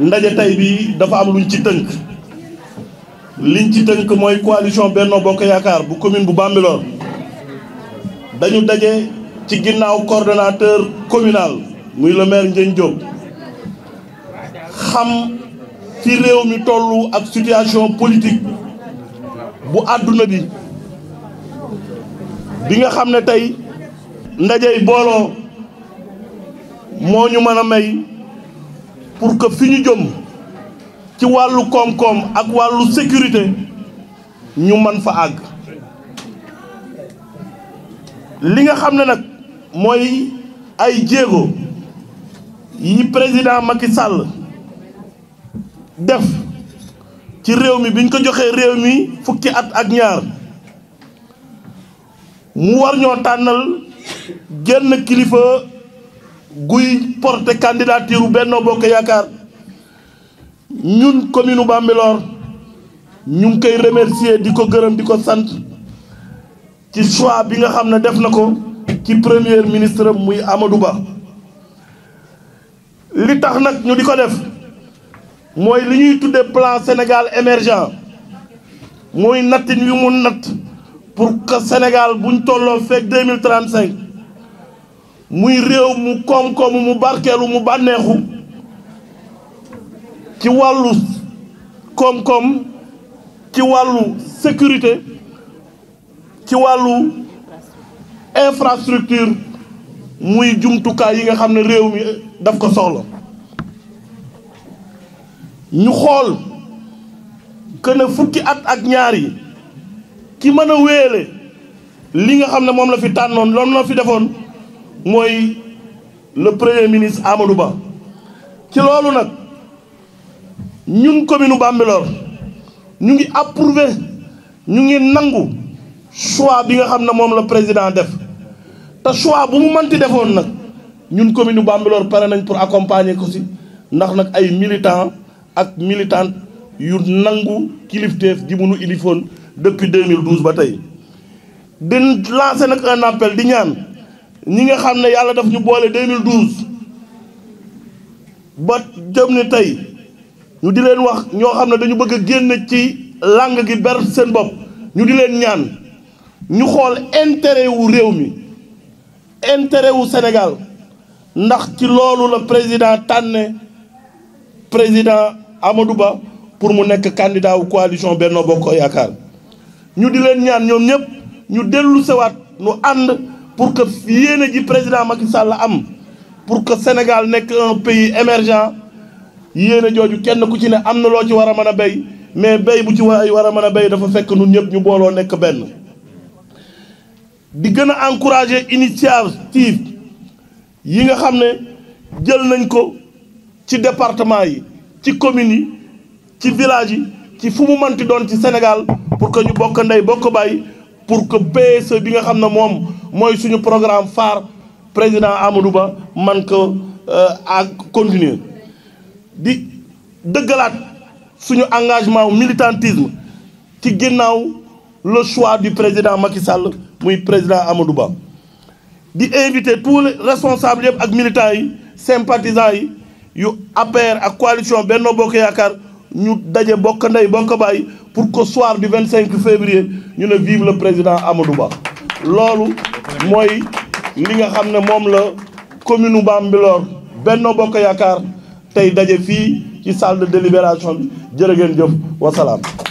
ndaje tey bii dafa am luñ ci tënk liñ ci tënk mooy coalition Benno Bokk Yaakaar bu commune bu Bambilor dañu daje ci ginnaaw coordonnateur communal muy le maire Ndiagne xam ci réew mi tollu ak situation politik bu àdduna bi bi nga xam ne tey ndajey booloo moo ñu mën a may pour que fi ñu jëm ci wàllu koom-koom ak wàllu sécurité ñu mën fa àgg li nga xam ne nag mooy ay jéego yi président Macky Sall def ci réew mi bi ñu ko joxee réew mi fukki at ak ñaar mu war ñoo tànnal génn kilifa guy porté candidature Benno Bokk Yaakaar ñun commune Bambilor ñu ngi koy remercier di ko gërëm di ko sant ci choix bi nga xam ne def na ko ci premier ministre muy Amadou Ba li tax nag ñu di ko def mooy li ñuy tuddee plan Sénégal émergent mooy nattin wi mu natt pour que Sénégal buñ tolloo fekk deux cinq muy réew mu koom-koomu mu barkeelu mu bànneexu ci wàllu koom-koom ci wàllu sécurité ci wàllu infrastructure muy jumtukaay yi nga xam ne réew mi daf ko soxla ñu xool que ne fukki at ak ñaar yi ci mën a wéele li nga xam ne moom la fi tànnoon loolu la fi defoon mooy le premier ministre Amadou Ba ci loolu nag ñun commune Bambilor ñu ngi approuvé ñu ngi nangu choix bi nga xam ne moom la président def te choix bu mu manti defoon nag ñun commune Bambilor pare nañ pour accompagner ko si ndax nag ay militant ak militante yu nangu kilifteef gi mu nu ilifoon depuis 2012 ba tey di lancé nag un appel di ñaan ñi nga xam ne yàlla daf ñu boole 2012 ba jëm ne tey ñu di leen wax ñoo xam ne dañu bëgg a génn ci làng gi ber seen bopp ñu di leen ñaan ñu xool intérêt wu réew mi intérêt wu Sénégal ndax ci loolu la président tànne président Amadou Ba pour mu nekk candidat wu coalition Benno Bokk Yaakaar ñu di leen ñaan ñoom ñëpp ñu dellu sewaat nu ànd pour que yéene ji président Macky Sall am pour que Sénégal nekk un pays émergent yéene jooju kenn ku ci ne am na loo ci war a mën a béy mais béy bu ci waay war a mën a béy dafa fekk nun ñëpp ñu booloo nekk benn di gën a encourager initiative yi nga xam ne jël nañ ko ci département yi ci communes yi ci village yi ci fu mu mënti doon ci Sénégal pour que ñu bokk ndey bokk baay pour que PSE bi nga xam ne moom mooy suñu programme phare président Amadou Ba man ko euh, ak continuer di dëggalaat suñu engagement militantisme ci ginnaaw le choix du président Macky Sall muy président Amadou Ba di inviter tous les responsables yëpp ak militants yi sympathisants yi yu APR ak coalition Benno Bokk Yaakaar ñu daje bokk ndey bokk bàyyi pour que soir du 25 février ñu ne vive le président Amadou Ba loolu mooy li nga xam ne moom la commune Bambilor benn Bokk Yaakaar tey daje fii ci salle de délibération bi jërë ngeen jëf wasalaam